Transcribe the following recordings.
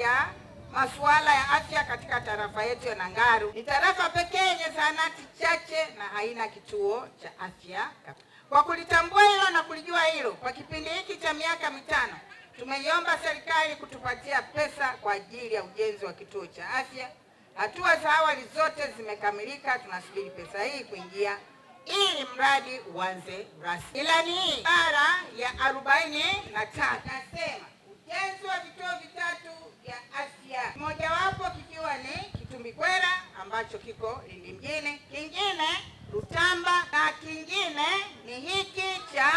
ya masuala ya afya katika tarafa yetu ya Nangaru. Ni tarafa pekee yenye zahanati chache na haina kituo cha afya. Kwa kulitambua hilo na kulijua hilo, kwa kipindi hiki cha miaka mitano tumeiomba serikali kutupatia pesa kwa ajili ya ujenzi wa kituo cha afya. Hatua za awali zote zimekamilika, tunasubiri pesa hii kuingia ili mradi uanze rasmi. Ilani hii ibara ya arobaini na tatu nasema ambacho kiko Lindimjini, kingine Rutamba na kingine ni hiki cha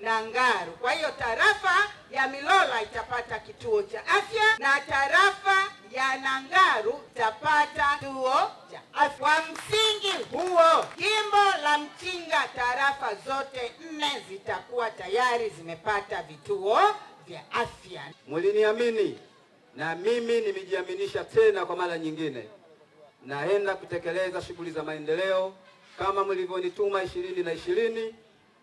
Nangaru. Kwa hiyo tarafa ya milola itapata kituo cha afya na tarafa ya Nangaru itapata kituo cha afya. Kwa msingi huo, jimbo la Mchinga tarafa zote nne zitakuwa tayari zimepata vituo vya afya. Muliniamini na mimi nimejiaminisha tena kwa mara nyingine naenda kutekeleza shughuli za maendeleo kama mlivyonituma ishirini na ishirini.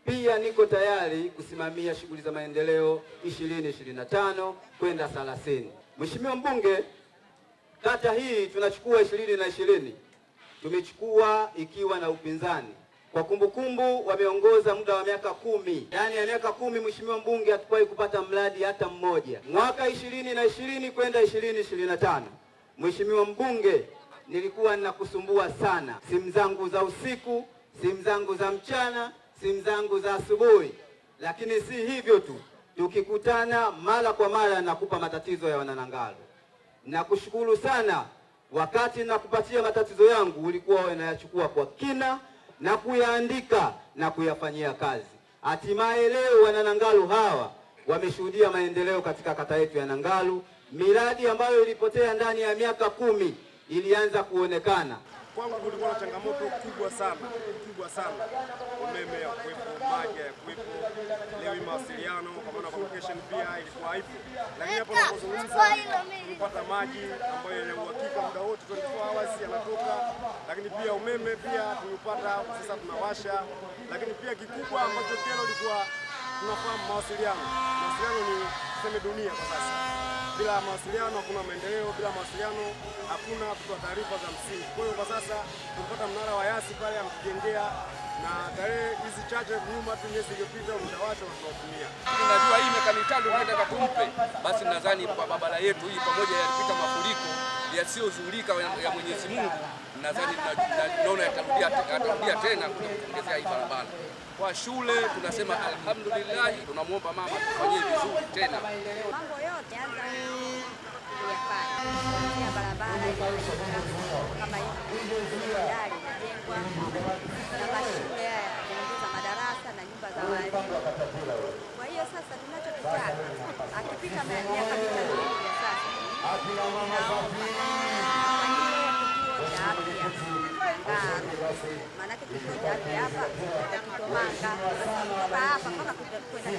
Pia niko tayari kusimamia shughuli za maendeleo ishirini ishirini na tano kwenda thelathini. Mheshimiwa Mbunge, kata hii tunachukua ishirini na ishirini tumechukua ikiwa na upinzani kwa kumbukumbu, wameongoza muda wa miaka kumi. Ndani ya miaka kumi, Mheshimiwa Mbunge, hatukuwahi kupata mradi hata mmoja. Mwaka ishirini na ishirini kwenda ishirini ishirini na tano Mheshimiwa Mbunge nilikuwa ninakusumbua sana, simu zangu za usiku, simu zangu za mchana, simu zangu za asubuhi. Lakini si hivyo tu, tukikutana mara kwa mara nakupa matatizo ya Wananangalo. Nakushukuru sana, wakati nakupatia matatizo yangu ulikuwa unayachukua kwa kina na kuyaandika na kuyafanyia kazi. Hatimaye leo Wananangalu hawa wameshuhudia maendeleo katika kata yetu ya Nangalu, miradi ambayo ilipotea ndani ya miaka kumi ilianza kuonekana. Kwangu kulikuwa na changamoto kubwa sana kubwa sana, umeme ya kuwepo maji hayakuwepo, leo hii mawasiliano kwa maana communication pia ilikuwa haipo, lakini hapo tunapozungumza kupata maji ambayo yana uhakika muda wote 24 hours yanatoka, lakini pia umeme pia tuliupata, sasa tunawasha. Lakini pia kikubwa ambacho kero ilikuwa tunafahamu mawasiliano, mawasiliano ni tuseme dunia kwa sasa bila mawasiliano hakuna maendeleo, bila mawasiliano hakuna kutoa taarifa za msingi. Kwa hiyo kwa sasa tumepata mnara wa Yasi pale amtujengea, na tarehe hizi chache nyuma tu miezi iliyopita, mtawasha na tunatumia miaka mitano tunataka tumpe, basi nadhani barabara yetu hii pamoja yalipita mafuriko yasiyozuilika ya Mwenyezi Mungu, nadhani naona atarudia tena kuongezea hii barabara. Kwa shule tunasema alhamdulillah, tunamwomba mama tufanyie vizuri tena mambo yote barabara biasanya kan kita biasa maanake kituo cha afya hapa nakutomanga sasa